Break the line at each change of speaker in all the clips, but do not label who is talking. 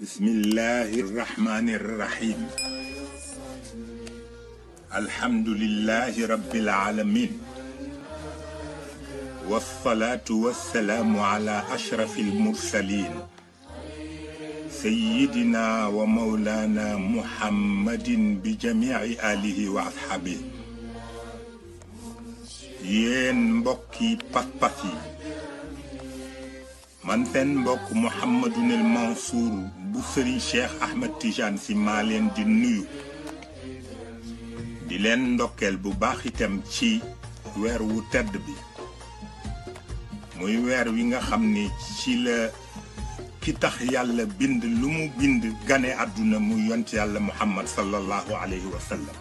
بسم الله الرحمن الرحيم الحمد لله رب العالمين والصلاة والسلام على أشرف المرسلين سيدنا ومولانا محمد بجميع آله وأصحابه ين بكي بطبطي man seen mbok mohammedou nel Mansour bu Serigne Cheikh Ahmed tijan ci maa leen di nuyu di len ndokel bu bax itam ci wer wu tedd bi muy wer wi nga xamni ci la ki tax yàlla bind lu mu bind gane aduna mu yont yàlla mohammed sallallahu alayhi wa sallam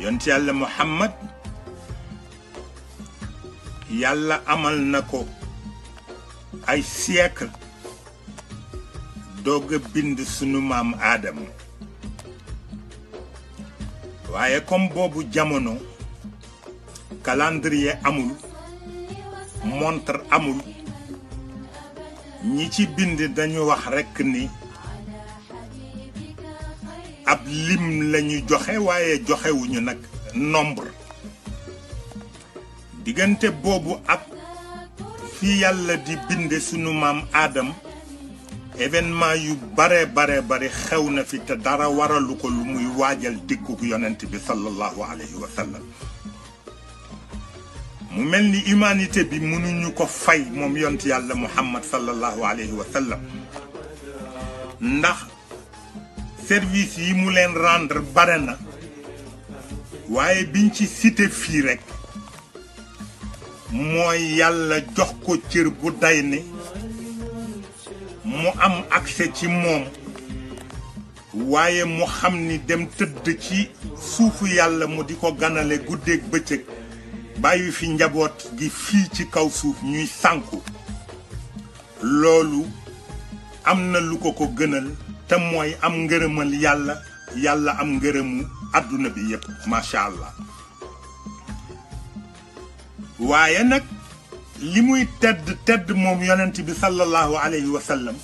yont yàlla mohammed yàlla amal na ko ay siècle doog bind sunu maam aadam waaye comme boobu jamono calendrier amul montar amul ñi ci bind dañu wax rekk ni ab lim lañu joxe waaye joxewuñu nag nombre digante bobu ak fi yàlla di binde sunu mam adam événement yu bare bare bare xewna fi te dara waralu ko lu muy waajal dikkuk yonent bi sallallahu alayhi wa sallam mu melni humanité bi munu ñu ko fay mom yonent yàlla muhammad sallallahu alayhi wa sallam ndax service yi mu len rendre barena waye biñ ci cité fi rek mooy yàlla jox ko cër bu day ni mu am accès ci moom waaye mu xam ni dem tëdd ci suufu yàlla mu di ko ganale guddeeg bëccëg bàyyi fi njaboot gi fii ci kaw suuf ñuy sànku loolu am na lu ko ko gënal te mooy am ngërëmal yàlla yàlla am ngërëm àdduna bi yépp macha allah waaye nag li muy tedd tedd moom yonent bi sallallahu alayhi wa sallam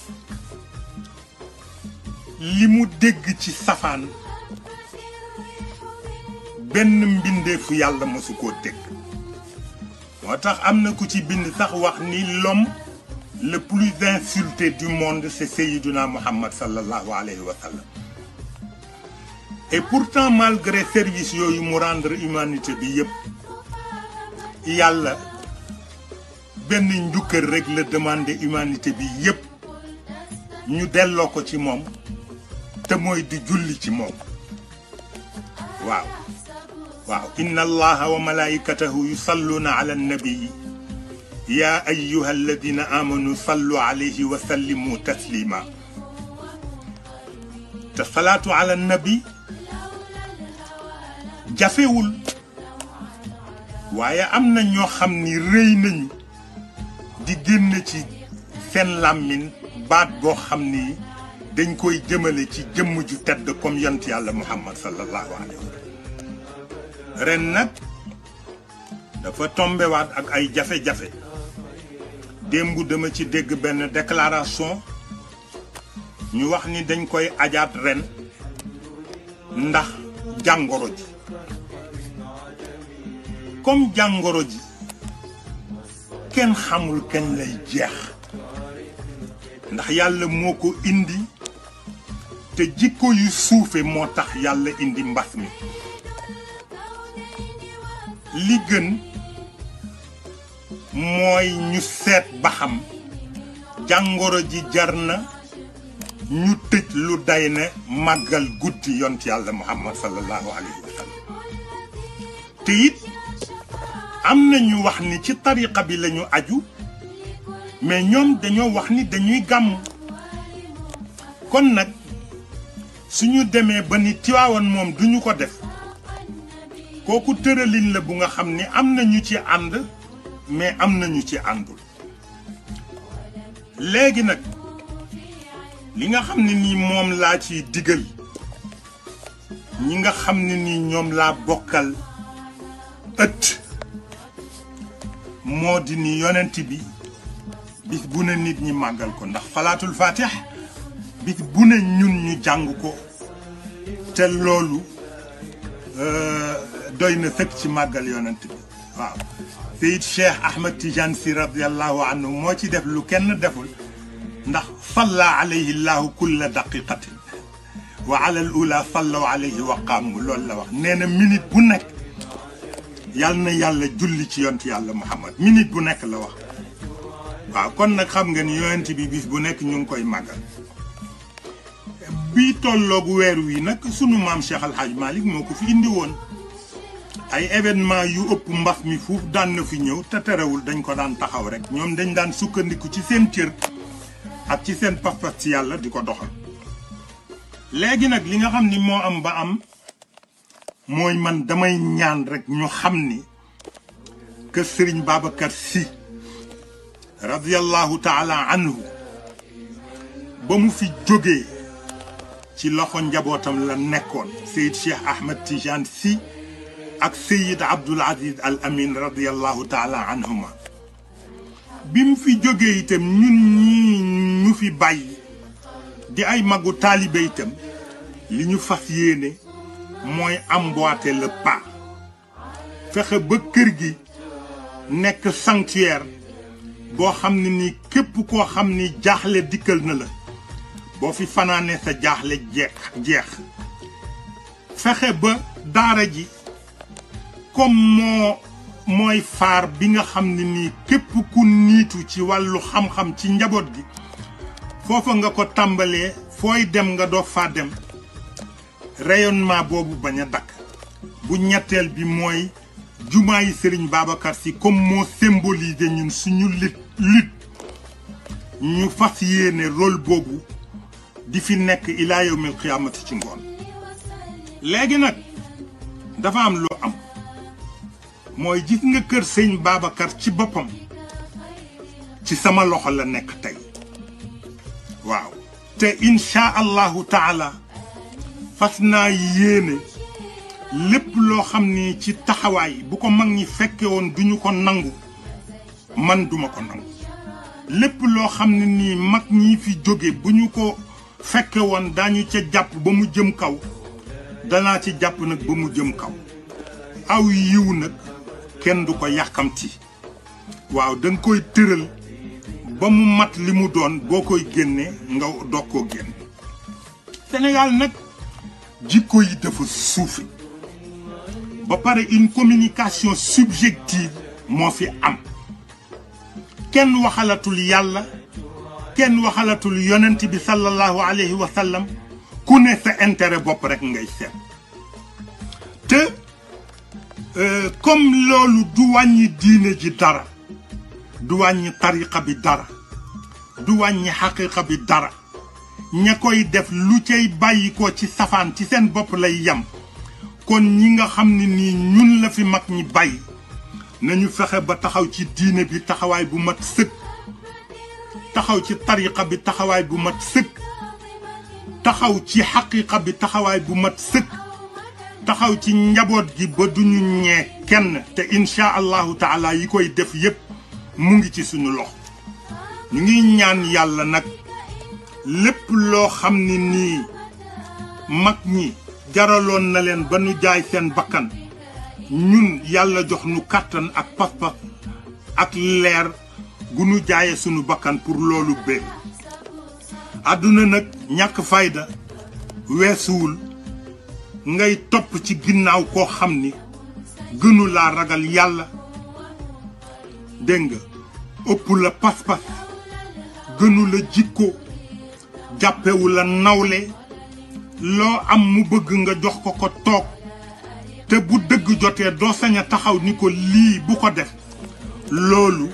li mu dégg ci safaan benn mbindeefu yàlla mosu koo dégg moo tax am na ku ci bind sax wax ni l'homme le plus insulté du monde c'est Seyyiduna Muhammad sallallahu alayhi wa sallam et pourtant malgré service yooyu mu rendre humanité bi yëpp yàlla ben njukkal rek le demander humanité bi yépp ñu dello ko ci mom te moy di julli ci mom waaw waaw inna allah wa malaikatahu yusalluna ala annabii ya ayuha alladina amanu sallu alayhi wa sallimu taslima te salaatu ala annabi waaye am na ñoo xam ni rëy nañu di génn ci seen làmmiñ baat boo xam ni dañ koy jëmale ci jëmm ju tedd comme yont yàlla muhammad sallallahu alayhi wa sallam ren nag dafa tombewaat ak ay jafe-jafe démb dama ci dégg benn déclaration ñu wax ni dañ koy ajaat ren ndax jàngoro ji comme jàngoro ji kenn xamul kañ lay jeex ndax yàlla moo ko indi te jikko yu suufe moo tax yàlla indi mbas mi li gën mooy ñu seet ba xam jàngoro ji jar na ñu tëj lu day ne màggal guddi yont yàlla muhammad sallallahu alayhi wa sallam te am na ñu wax ni ci tariqa bi lañu aju mais ñoom dañoo wax ni dañuy gàmm kon nag suñu demee ba ni Tiwaawan moom duñu ko def kooku tëralin la bu nga xam ni am na ñu ci ànd mais am na ñu ci àndul léegi nag li nga xam ne nii moom laa ciy digal ñi nga xam ne nii ñoom laa bokkal ëtt moo di ni yonent bi bis buna nit ñi magal ko ndax falatul fatih bi buna ñun ñu jàng ko te lolu euh doyna fek ci magal yonenti bi waaw Seyid Cheikh Ahmed Tidiane si radiallahu anhu mo ci def lu kenn deful ndax falla alayhi allah kull daqiqatin wa ala al ula sallaw alayhi wa qaamu loolu la wax nee minute bu nekk yal na yàlla julli ci yontu yàlla Muhammad minute bu nekk la wax waaw kon nag xam nga ni yonent bi bis bu nekk ñu ngi koy màggal bii tolloog weer wi nag sunu maam Cheikh Al Hadj moo ko fi indi woon ay événement yu ëpp mbax mi fuuf daan na fi ñëw te terewul dañ ko daan taxaw rek ñoom dañ daan sukkandiku ci seen cër ak ci seen pas-pas ci yàlla di ko doxal léegi nag li nga xam ni moo am ba am moy man damay ñaan rek ñu xamni ke Serigne Babacar si radiyallahu taala anhu ba mu fi jógee ci loxo njabotam la nekkon Seyid Cheikh Ahmed Tidiane si ak Seyid abdul Aziz Al Amin radiyallahu taala anhuma bim fi jógee itam ñun ñi ñu fi bàyyi di ay magu talibe itam li ñu fas yene moy emboîter le pas fexe ba kër gi nek sanctuaire bo xamni ne ni képp ko xamni ni jaaxle na la bo fi fanane sa jaaxle jeex jeex fexe ba daara ji comme moo mooy faar bi nga xamni ni képp ku nitu ci walu xam-xam ci njabot gi nga ko foy dem nga do fa dem rayonnement boobu bañ a dakk bu ñetteel bi mooy jumaa yi Serigne Babacar Sy comme moo symboliser ñun suñu lit lutte ñu fas yéene rol boobu di fi nekk ilaa yawmil xiyaamati ci ngoon léegi nag dafa am lu am mooy gis nga kër sëñ Babacar ci boppam ci sama loxo la nekk tey waaw te incha allahu taala fas naa yéene lépp loo xam ni ci taxawaay bu ko mag ñi fekkewoon woon duñu ko nangu man duma ko nangu lépp loo xam ne nii mag ñi fi jóge bu ñu ko fekke woon daañu ca jàpp ba mu jëm kaw danaa ci jàpp nag ba mu jëm kaw aw yiwu nag kenn du ko yàkkamti waaw danga koy tëral ba mu mat li mu doon boo koy génnee nga dog koo génn Je yi dafa vous ba Par une communication subjective moo fi am Ken waxalatul yalla, ken waxalatul bi sallallahu alayhi wa sallam kune sa intérêt bop rek ngay te euh, comme loolu du wàññi dîner ji dara du tariqa bi dara du bi dara ña koy def lu cay bàyyikoo ci safaan ci seen bopp lay yam kon ñi nga xam ni nii ñun la fi mag ñi bàyyi nañu fexe ba taxaw ci diine bi taxawaay bu mat sëkk taxaw ci tariqa bi taxawaay bu mat sëkk taxaw ci xaqiqa bi taxawaay bu mat sëkk taxaw ci njaboot gi ba duñu ñee kenn te incha allahu taala yi koy def yépp mu ngi ci suñu loxo ñu ngi ñaan yàlla nag lépp loo xam ni nii mag ñi jaraloon na leen ba nu jaay seen bakkan ñun yàlla jox nu kàttan ak pas-pas ak leer gu nu jaaye sunu bakkan pour loolu bé àdduna nag ñàkk fayda weesuwul ngay topp ci ginnaaw koo xam ni gënu laa ragal yàlla dégg ëpp la pas-pas gënu la jikko jàppewu la nawle loo am mu bëgg nga jox ko ko toog te bu dëgg jotee doo sañ taxaw ni ko lii bu ko def loolu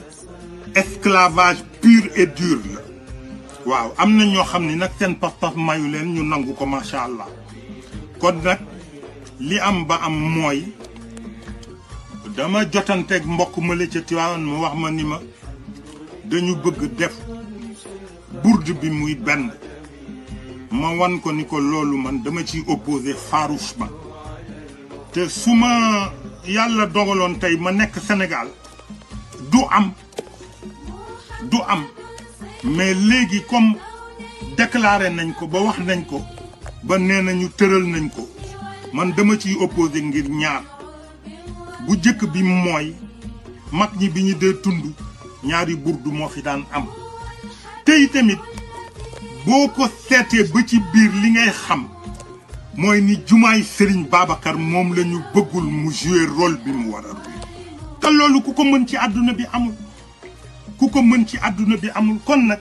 esclavage pur et dur la waaw am na ñoo xam ni nag seen pas-pas mayu leen ñu nangu ko macha allah kon nag li am ba am mooy dama jotanteeg mbokk ma la ca Tiwaawan mu wax ma ni ma dañu bëgg def burd bi muy benn ma wan ko ni ko loolu man dama ciy opposé farouchement te su ma yàlla dogaloon tey ma nekk Sénégal du am du am mais léegi comme déclaré nañ ko ba wax nañ ko ba nee nañu tëral nañ ko man dama ciy opposé ngir ñaar bu jëkk bi mooy mag ñi bi ñu dee tund ñaari burdu moo fi daan am tey tamit boo ko seetee ba ci biir li ngay xam mooy ni jumaay sëriñ Babacar moom lañu ñu bëggul mu jouer rôle bi mu war a te loolu ku ko mën ci àdduna bi amul ku ko mën ci àdduna bi amul kon nag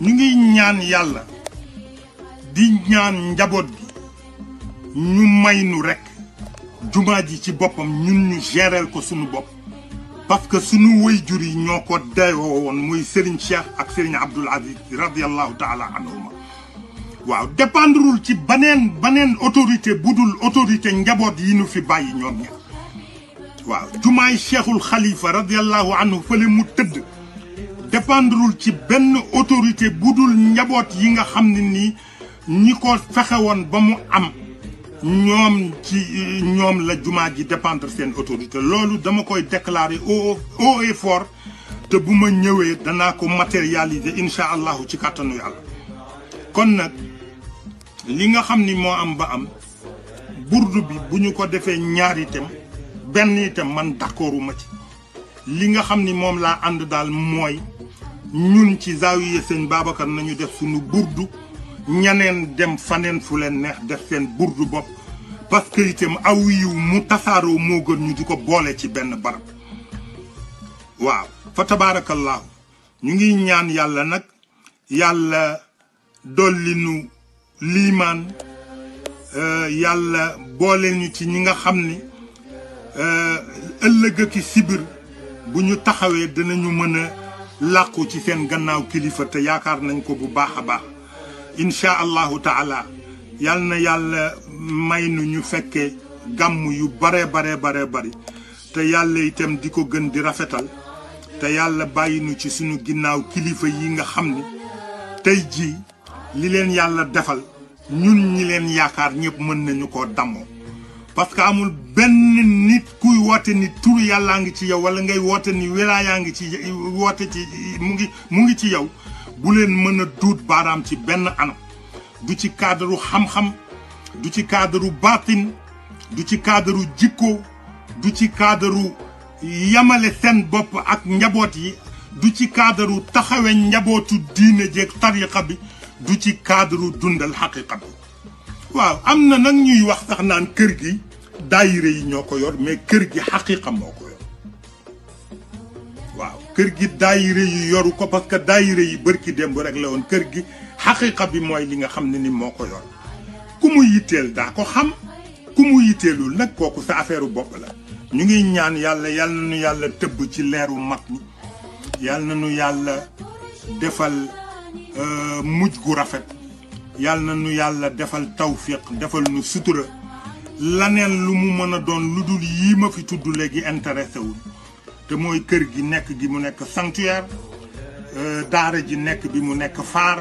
ñu ngi ñaan yàlla di ñaan njaboot gi ñu may nu rekk jumaa ji ci boppam ñun ñu gérer ko suñu bopp parce que sunu wayjur yi ñoo ko dayoo woon muy Serigne Cheikh ak Serigne Abdoul Aziz radiallahu taala anhuma waaw dépendrewul ci baneen baneen autorité budul autorité njaboot yi ñu fi bàyyi ñoom ña waaw jumaay cheikhul xalifa radiallahu anhu fële mu tëdd dépendrewul ci benn autorité dul njaboot yi nga xam ne nii ñi ko fexe woon ba mu am ñoom ci ñoom la jumaa ji dépendre seen autorité loolu dama koy déclarer o haut et te bu ma ñëwee danaa ko matérialiser incha allahu ci kàttanu yàlla kon nag li nga xam ni moo am ba am burdu bi bu ñu ko defee ñaari itam benn itam man d'accorduma ci li nga xam ni moom laa ànd daal mooy ñun ci zaawiya sëñ Babacar nañu def suñu burdu ñeneen dem faneen fu leen neex def seen burdu bopp parce que itam aw yiw mu tasaaroo moo gën ñu di ko boole ci benn barab waaw fa tabaarakallaahu ñu ngi ñaan yàlla nag yàlla dolli nu liimaan euh, yàlla boole ñu ci ñi nga xam ni euh, ëllëg ak sibir bu ñu taxawee dinañu mën a làqu ci seen gannaaw kilifa te yaakaar nañ ko bu baax a baax incha allahu taala yal na yàlla may nu ñu fekkee gàmm yu bare bare bare bari te yàlla itam di ko gën di rafetal te yàlla bàyyi nu ci suñu ginnaaw kilifa yi nga xam ni tey jii li leen yàlla defal ñun ñi leen yaakaar ñëpp mën nañu koo dammoo parce que amul benn nit kuy woote ni tur yàllaa ngi ci yow wala ngay woote ni wilaayaa ngi ci woote mu ngi mu ngi ci yow bu leen mën a duut baaraam ci benn anam du ci kaadaru xamxam du ci kaadaru baatin du ci kaadaru jikko du ci cadre yamale seen bopp ak njaboot yi du ci kaadaru taxawe njabootu diine jeeg tariqa bi du ci cadre dundal xaqiqa bi waaw am na nag ñuy wax sax naan kër gi daayire yi ñoo ko yor mais kër gi xaqiqa moo ko kër gi daayire yi yoru ko parce que daayire yi bërki démb rek la woon kër gi xaqiqa bi mooy li nga xam ne ni moo ko yor ku mu yitteel daa ko xam ku mu yitteelul nag kooku sa affaire bopp la ñu ngi ñaan yàlla yàlla na nu yàlla tëb ci leeru mag ñi yàlla na nu yàlla defal euh, mujj gu rafet yàlla na nu yàlla defal tawfiq defal nu sutura laneen lu mu mën a doon lu dul yii ma fi tudd léegi intéressé wul te mooy kër gi nekk gi mu nekk sanctuaire euh, daara ji nekk bi mu nekk faar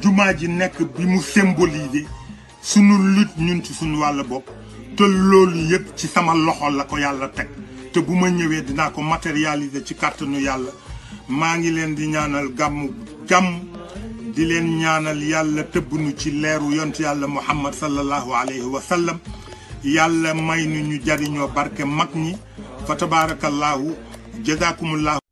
jumaa ji nekk bi mu symboliser sunu lutte ñun ci suñu wàll bopp te loolu yëpp ci sama loxo la ko yàlla teg te bu ma ñëwee dinaa ko matérialiser ci kàttanu yàlla maa ngi leen di ñaanal gàmmu jàmm di leen ñaanal yàlla tëbbnu ci leeru yontu yàlla muhammad sallallahu alayhi wa yàlla may nu ñu jariñoo barke mag ñi فتبارك الله جزاكم الله